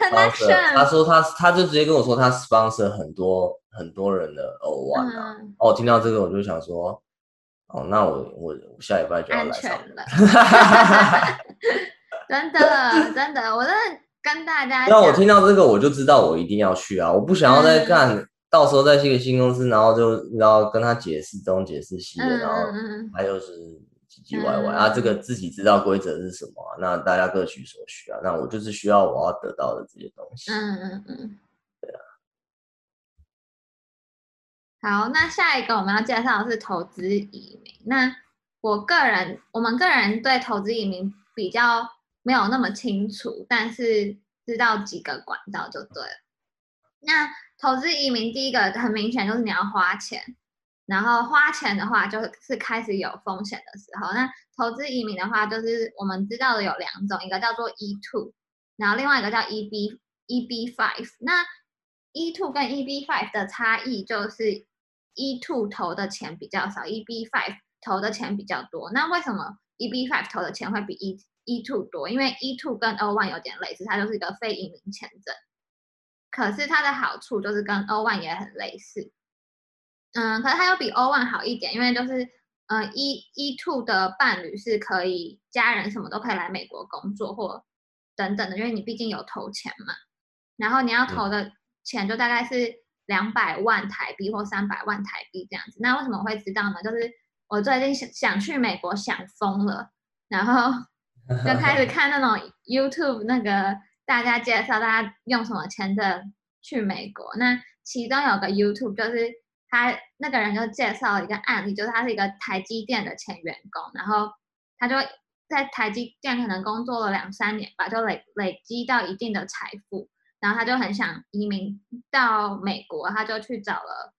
sponsor 他說他他就直接跟我說他 sponsor 很多很多人的 O1 的。哦、嗯，聽到這個我就想說。哦，那我我，我下禮拜就要來上了， 真的真的，我真的跟大家。 那我聽到這個，我就知道我一定要去啊！我不想要再幹、嗯、到時候再一個新公司，然後就然後跟他解釋東解釋西的嗯嗯嗯，然後還有是唧唧歪歪嗯嗯啊。這個自己知道規則是什麼、啊，那大家各取所需啊。那我就是需要我要得到的這些東西。嗯嗯嗯。好，那下一個我們要介紹的是投資移民。那我個人，我們個人對投資移民比較沒有那麼清楚，但是知道幾個管道就對了。那投資移民第一個很明顯就是你要花錢，然後花錢的話就是開始有風險的時候。那投資移民的話，就是我們知道的有兩種，一個叫做 E2，然後另外一個叫 EB EB5。那 E2 跟 EB5 的差異就是。E two 投的錢比較少，EB five 投的錢比較多。那為什麼 EB five 投的錢會比 E E two 多？因為 E two 跟 O one 有點類似，它就是一個非移民簽證。可是它的好處就是跟 O one 也很類似。嗯，可是它又比 O one 好一點，因為就是嗯 E E two 的伴侶是可以家人什麼都可以來美國工作或等等的，因為你畢竟有投錢嘛。然後你要投的錢就大概是。兩百萬台幣或三百萬台幣這樣子，那為什麼會知道呢？就是我最近想想去美國想瘋了，然後就開始看那種 YouTube 那個大家介紹大家用什麼簽證去美國。那其中有個 YouTube，就是他那個人就介紹了一個案例，就是他是一個台積電的前員工，然後他就在台積電可能工作了兩三年吧，就累累積到一定的財富。然後他就很想移民到美國，他就去找了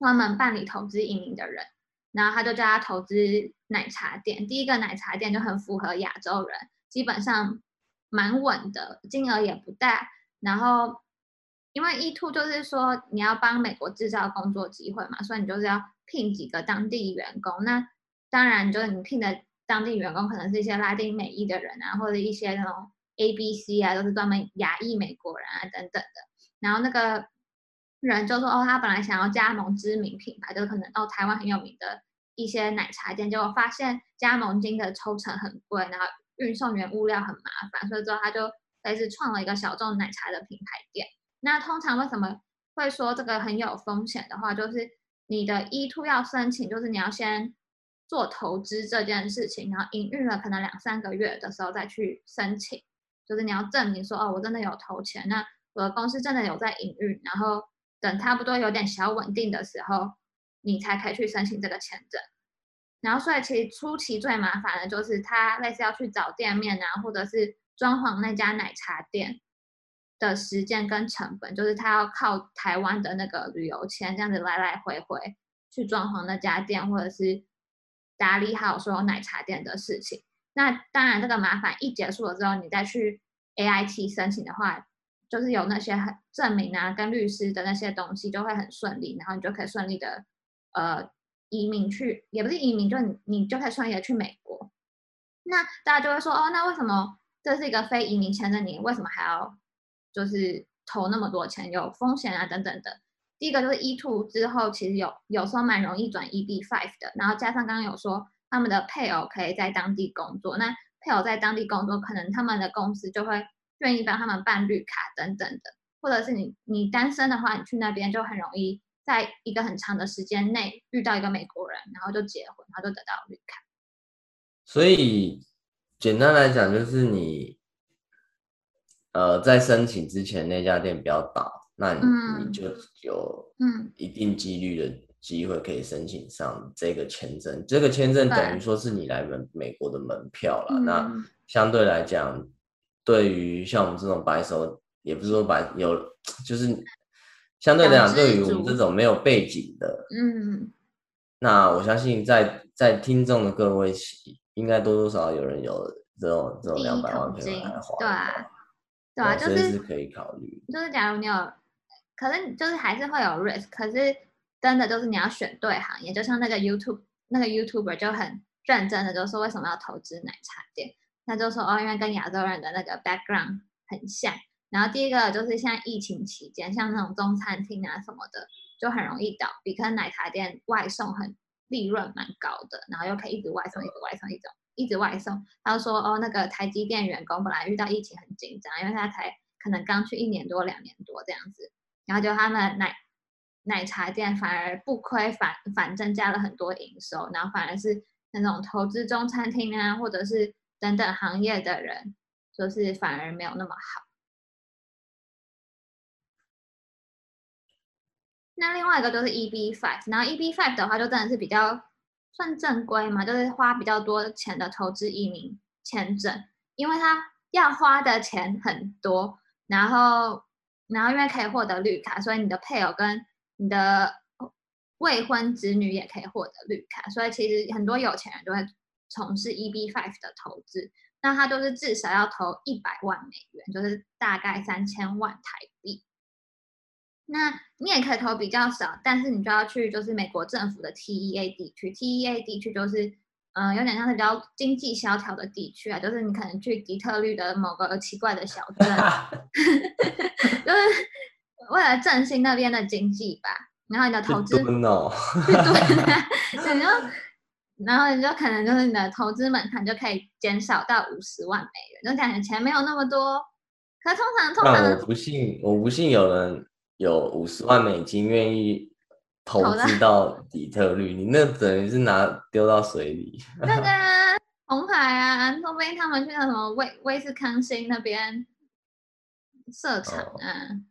專門辦理投資移民的人，然後他就叫他投資奶茶店。第一個奶茶店就很符合亞洲人，基本上蠻穩的，金額也不大。然後因為 E2 就是說你要幫美國製造工作機會嘛，所以你就是要聘幾個當地員工。那當然就是你聘的當地員工可能是一些拉丁美裔的人啊，或者一些那種。A、B、C 啊，都是專門亞裔美國人啊等等的。然後那個人就說：“哦，他本來想要加盟知名品牌，就是可能到台灣很有名的一些奶茶店，結果發現加盟金的抽成很貴，然後運送原物料很麻煩，所以之後他就開始創了一個小眾奶茶的品牌店。”那通常為什麼會說這個很有風險的話，就是你的 E2 要申請，就是你要先做投資這件事情，然後營運了可能兩三個月的時候再去申請。就是你要證明說，哦，我真的有投錢，那我的公司真的有在營運，然後等差不多有點小穩定的時候，你才可以去申請這個簽證。然後所以其實初期最麻煩的，就是他類似要去找店面啊，或者是裝潢那家奶茶店的時間跟成本，就是他要靠台灣的那個旅遊簽這樣子來來回回去裝潢那家店，或者是打理好所有奶茶店的事情。那當然，這個麻煩一結束了之後，你再去 A I T 申請的話，就是有那些證明啊、跟律師的那些東西就會很順利，然後你就可以順利的呃移民去，也不是移民，就你你就可以順利的去美國。那大家就會說，哦，那為什麼這是一個非移民簽證？你為什麼還要就是投那麼多錢，有風險啊等等的？第一個就是 E two 之後，其實有有時候蠻容易轉 E B five 的，然後加上剛剛有說。他們的配偶可以在當地工作，那配偶在當地工作，可能他們的公司就會願意幫他們辦綠卡等等的。或者是你你單身的話，你去那邊就很容易在一個很長的時間內遇到一個美國人，然後就結婚，然後就得到綠卡。所以，簡單來講就是你，呃，在申請之前那家店比較大，那你、嗯、你就有嗯一定幾率的。嗯機會可以申請上這個簽證，這個簽證等於說是你來美美國的門票了、嗯。那相對來講，對於像我們這種白手，也不是說白有，就是相對來講、嗯，對於我們這種沒有背景的，嗯，那我相信在在聽眾的各位，應該多多少少有人有這種這種兩百萬可以來花的，對、啊，對啊，就是,以是可以考慮，就是假如你有，可能就是還是會有 risk，可是。真的就是你要選對行業，也就像那個 YouTube 那個 YouTuber 就很認真的，就是說為什麼要投資奶茶店？他就說哦，因為跟亞洲人的那個 background 很像。然後第一個就是像疫情期間，像那種中餐廳啊什麼的，就很容易倒，比方奶茶店外送很利潤蠻高的，然後又可以一直外送，一直外送，一直一直外送。他就說哦，那個台積電員工本來遇到疫情很緊張，因為他才可能剛去一年多、兩年多這樣子，然後就他們奶。奶茶店反而不虧，反反增加了很多營收，然後反而是那種投資中餐廳啊，或者是等等行業的人，就是反而沒有那麼好。那另外一個就是 EB five，然後 EB five 的話就真的是比較算正規嘛，就是花比較多錢的投資移民簽證，因為它要花的錢很多，然後然後因為可以獲得綠卡，所以你的配偶跟你的未婚子女也可以獲得綠卡，所以其實很多有錢人都會從事 EB five 的投資。那他就是至少要投一百萬美元，就是大概三千萬台幣。那你也可以投比較少，但是你就要去就是美國政府的 T E A 地區。T E A 地區就是嗯、呃，有點像是比較經濟蕭條的地區啊，就是你可能去底特律的某個奇怪的小鎮。 就是為了振興那邊的經濟吧，然後你的投資，對、哦， 然後然後你就可能就是你的投資門檻就可以減少到五十萬美元，就感覺錢沒有那麼多。可通常通常我不信，我不信有人有五十萬美金願意投資到底特律，你那等於是拿丟到水裡。對 個紅海啊，說不定他們去那什麼威威斯康星那邊設廠啊。哦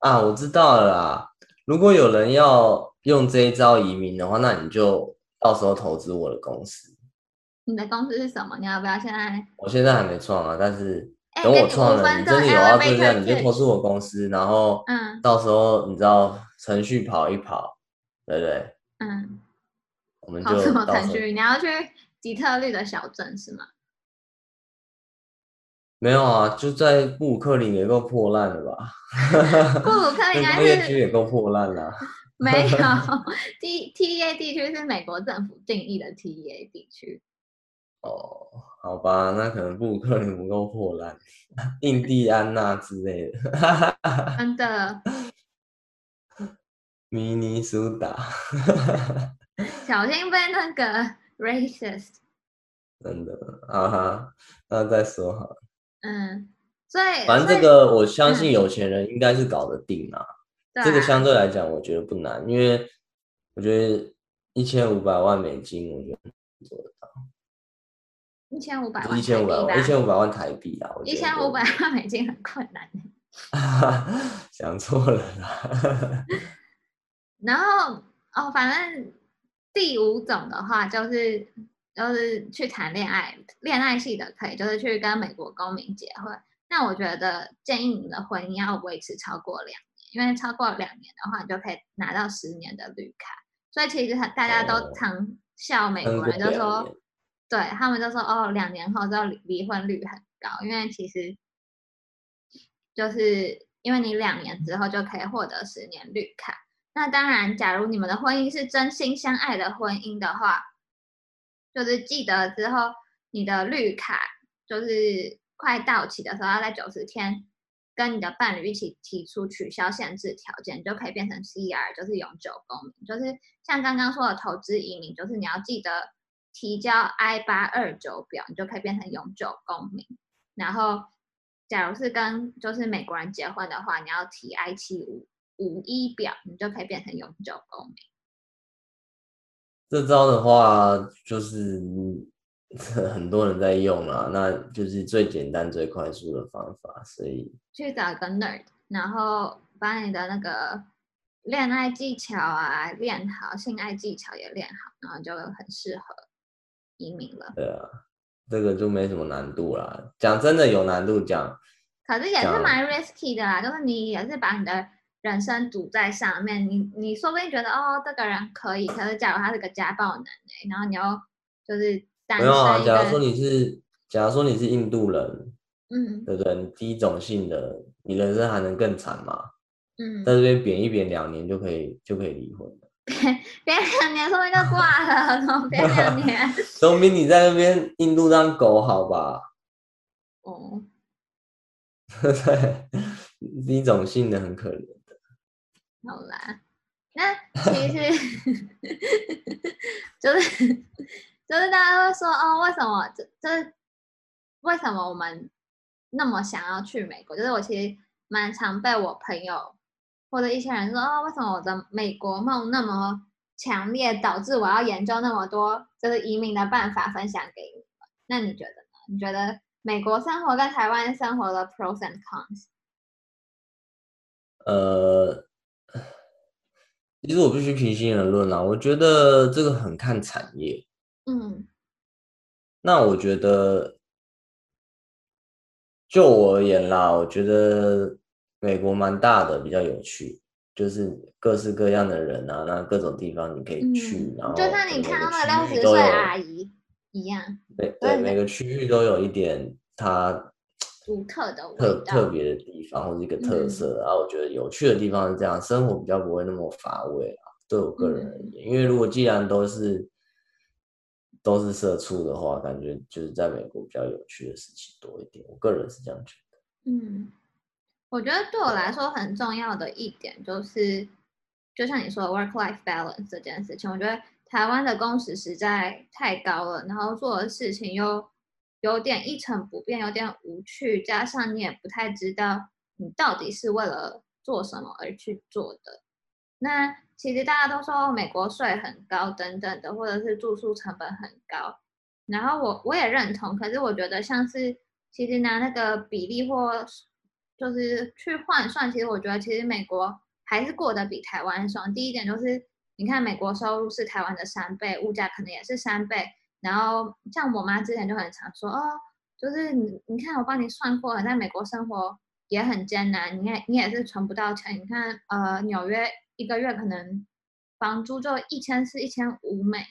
啊，我知道了啦。如果有人要用這一招移民的話，那你就到時候投資我的公司。你的公司是什麼？你要不要現在？我現在還沒創啊，但是、欸、等我創了，你真的有要這樣，你就投資我的公司，你的公司、嗯，然後到時候你知道程序跑一跑，對不對？嗯。我們就什麼程序？你要去底特律的小鎮是嗎？沒有啊，就在布魯克林也夠破爛的吧？ 布魯克林應該是。 也夠破爛啦、啊。 沒有，T TEA 地區是美國政府定義的 TEA 地區。哦、oh，好吧，那可能布魯克林不夠破爛， 印第安納、啊、之類的。真的。迷你蘇達。小心被那個 racist。真的啊哈，那再說好。嗯，所以,所以反正這個我相信有錢人應該是搞得定啊,、嗯、對啊。這個相對來講，我覺得不難，因為我覺得一千五百萬美金，我覺得做得到。一千五百萬，一千五百萬，一千五百萬台幣啊！一千五百萬美金很困難。 想錯了啦 然後哦，反正第五種的話就是。就是去談戀愛，戀愛系的可以，就是去跟美國公民結婚。那我覺得建議你的婚姻要維持超過兩年，因為超過兩年的話，你就可以拿到十年的綠卡。所以其實大家都常笑美國人，就說，哦、對，他們就說哦，兩年後就離婚率很高，因為其實，就是因為你兩年之後就可以獲得十年綠卡。嗯、那當然，假如你們的婚姻是真心相愛的婚姻的話。就是記得之後你的綠卡就是快到期的時候，要在九十天跟你的伴侶一起提出取消限制條件，你就可以變成 CR 就是永久公民。就是像剛剛說的投資移民，就是你要記得提交 I 八二九表，你就可以變成永久公民。然後，假如是跟就是美國人結婚的話，你要提 I 七五五一表，你就可以變成永久公民。這招的話、啊、就是很多人在用啦，那就是最簡單最快速的方法，所以去找一個 nerd，然後把你的那個戀愛技巧啊練好，性愛技巧也練好，然後就很適合移民了。對啊，這個就沒什麼難度啦。講真的有難度講，可是也是蠻 risky 的啦，就是你也是把你的。人生堵在上面，你你說不定覺得哦，這個人可以。可是，假如他是個家暴男、欸，然後你又就是單身。沒有、啊，假如說你是，假如說你是印度人，嗯，對不對？低種姓的，你人生還能更慘嗎？嗯，在這邊貶一貶兩年就可以就可以離婚了，貶兩年，說不定就掛了。 怎麼貶兩年？總 比你在那邊印度當狗好吧？哦，對，低種姓的很可憐。好啦，那其實 就是就是大家都說哦，為什麼這這為什麼我們那麼想要去美國？就是我其實蠻常被我朋友或者一些人說啊、哦，為什麼我的美國夢那麼強烈，導致我要研究那麼多就是移民的辦法分享給你們？那你覺得呢？你覺得美國生活跟台灣生活的 pros and cons？呃、uh...。其實我必須平心而論啦、啊，我覺得這個很看產業。嗯，那我覺得就我而言啦，我覺得美國蠻大的，比較有趣，就是各式各樣的人啊，那各種地方你可以去，嗯、然後就像你看到的六十歲阿姨一樣，對、嗯嗯、對，每個區域都有一點它獨特的特特別的地方，或者是一個特色，然後、嗯、啊、我覺得有趣的地方是這樣，生活比較不會那麼乏味啊。對我個人而言、嗯，因為如果既然都是都是社畜的話，感覺就是在美國比較有趣的事情多一點。我個人是這樣覺得。嗯，我覺得對我來說很重要的一點就是，就像你說的 work life balance 這件事情，我覺得台灣的工時實在太高了，然後做的事情又。有點一成不變，有點無趣，加上你也不太知道你到底是為了做什麼而去做的。那其實大家都說美國稅很高，等等的，或者是住宿成本很高。然後我我也認同，可是我覺得像是其實拿那個比例或就是去換算，其實我覺得其實美國還是過得比台灣爽。第一點就是你看美國收入是台灣的三倍，物價可能也是三倍。然後像我媽之前就很常說哦，就是你你看我幫你算過了，在美國生活也很艱難，你也你也是存不到錢。你看呃紐約一個月可能房租就一千四一千五美，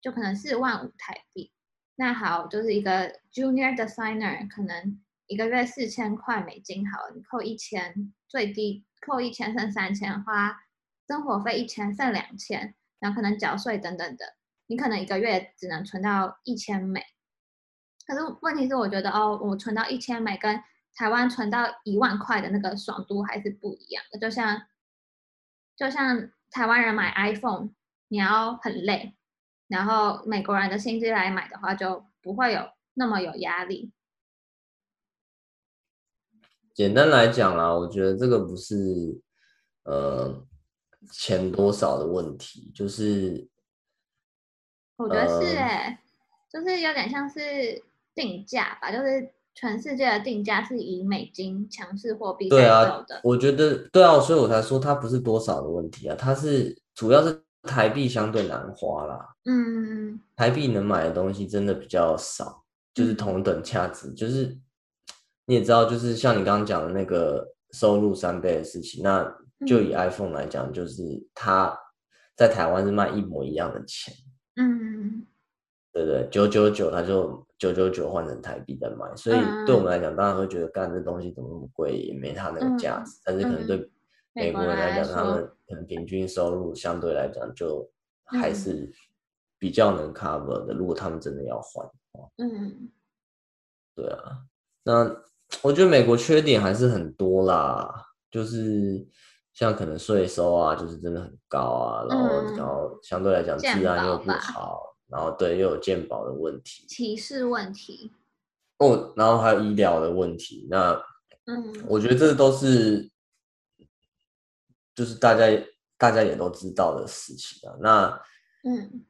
就可能四萬五台幣。那好，就是一個 Junior Designer 可能一個月四千塊美金，好，你扣一千，最低扣一千剩三千，花生活費一千剩兩千，然後可能繳稅等等的。你可能一個月只能存到一千美，可是問題是，我覺得哦，我存到一千美跟台灣存到一萬塊的那個爽度還是不一樣的。就像就像台灣人買 iPhone，你要很累，然後美國人的薪資來買的話，就不會有那麼有壓力。簡單來講啦，我覺得這個不是呃錢多少的問題，就是。我覺得是、欸，哎、嗯，就是有點像是定價吧，就是全世界的定價是以美金強勢貨幣對啊，的。我覺得對啊，所以我才說它不是多少的問題啊，它是主要是台幣相對難花啦。嗯，台幣能買的東西真的比較少，就是同等價值、嗯，就是你也知道，就是像你剛剛講的那個收入三倍的事情，那就以 iPhone 來講，就是它在台灣是賣一模一樣的錢。嗯，對對,對，九九九，他就九九九換成台幣再買、嗯，所以對我們來講，大家會覺得，干這東西怎麼那麼貴，也沒它那個價值、嗯。但是可能對美國人來講，他們可能平均收入、嗯、相對來講就還是比較能 cover 的。嗯、如果他們真的要換，嗯，對啊，那我覺得美國缺點還是很多啦，就是。像可能稅收啊，就是真的很高啊，然、嗯、後然後相對來講治安又不好，然後對又有健保的問題、歧視問題，哦、oh，然後還有醫療的問題，那、嗯、我覺得這都是就是大家大家也都知道的事情啊，那嗯，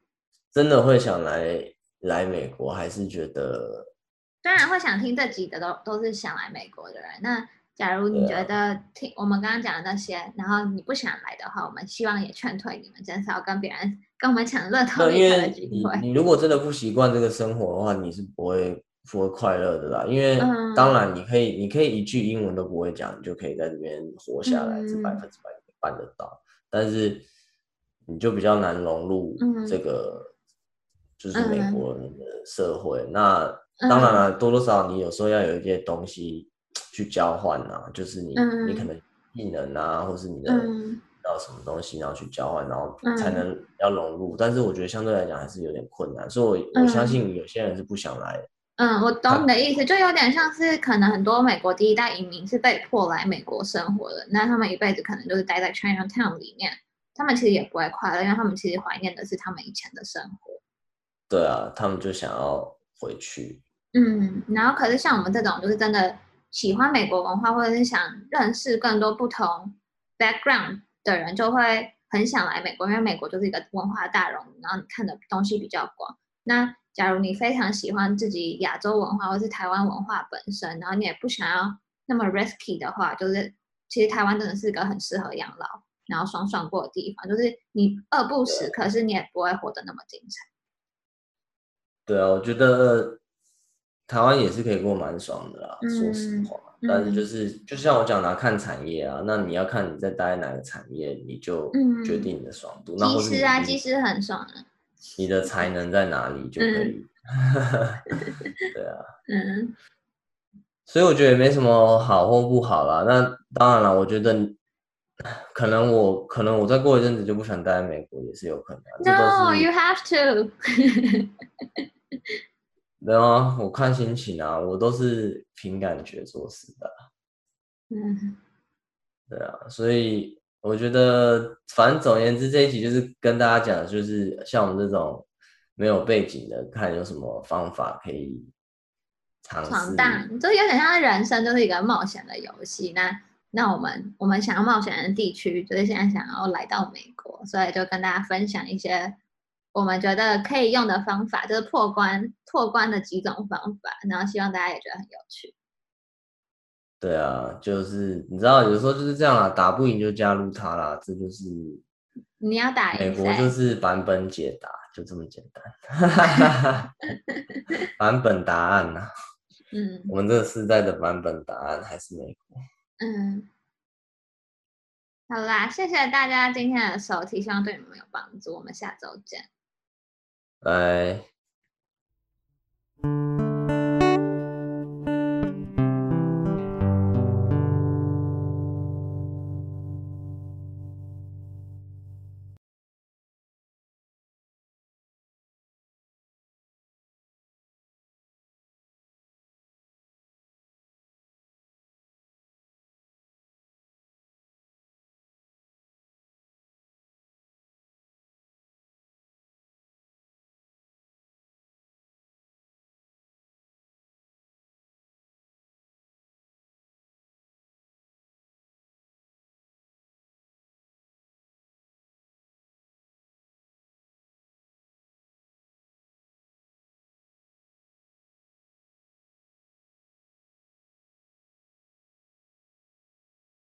真的會想來來美國，還是覺得當然會想聽這幾個都都是想來美國的人，那。假如你覺得聽我們剛剛講的那些、啊，然後你不想來的話，我們希望也勸退你們，減少跟別人、跟我們搶樂透，因為你，你如果真的不習慣這個生活的話，你是不會不會快樂的啦。因為當然，你可以、嗯，你可以一句英文都不會講，你就可以在這邊活下來100，這百分之百辦得到，嗯。但是你就比較難融入這個、嗯、就是美國人的社會。嗯、那當然了，啊嗯，多多少，少你有時候要有一些東西。去交換吶、啊，就是你、嗯、你可能技能啊，或是你的要什麼東西，嗯、然後去交換，然後才能要融入。嗯、但是我覺得相對來講還是有點困難，所以我、嗯、我相信有些人是不想來。嗯，我懂你的意思，就有點像是可能很多美國第一代移民是被迫來美國生活的，那他們一輩子可能都是待在 Chinatown 裡面，他們其實也不會快樂，因為他們其實懷念的是他們以前的生活。對、嗯、啊，他們就想要回去。嗯，然後可是像我們這種，就是真的。喜歡美國文化，或者是想認識更多不同 background 的人，就會很想來美國，因為美國就是一個文化大熔，然後你看的東西比較廣。那假如你非常喜歡自己亞洲文化，或是台灣文化本身，然後你也不想要那麼 risky 的話，就是其實台灣真的是一個很適合養老，然後爽爽過的地方。就是你餓不死，可是你也不會活得那麼精彩。對啊，我覺得。台灣也是可以過蠻爽的啦、嗯，說實話。但是就是，就像我講的，看產業啊，那你要看你在待在哪個產業，你就決定你的爽度。那、嗯、其實啊，其實很爽的、啊。你的才能在哪裡就可以。嗯、 對啊。嗯。所以我覺得沒什麼好或不好啦。那當然了，我覺得可能我可能我再過一陣子就不想待在美國也是有可能、啊。No, you have to. 對啊，我看心情啊，我都是憑感覺做事的。嗯，對啊，所以我覺得，反正總而言之，這一集就是跟大家講，就是像我們這種沒有背景的，看有什麼方法可以嘗試闖蕩，就有點像人生，就是一個冒險的遊戲。那那我們我們想要冒險的地區，就是現在想要來到美國，所以就跟大家分享一些。我們覺得可以用的方法就是破關、破關的幾種方法，然後希望大家也覺得很有趣。對啊，就是你知道，有時候就是這樣啦，打不贏就加入他啦，這就是你要打贏美國就是，打贏就是版本解答，就這麼簡單。 版本答案吶、啊，嗯，我們這個時代的版本答案還是美國。嗯，好啦，謝謝大家今天的收聽，希望對你們有幫助。我們下周見。拜。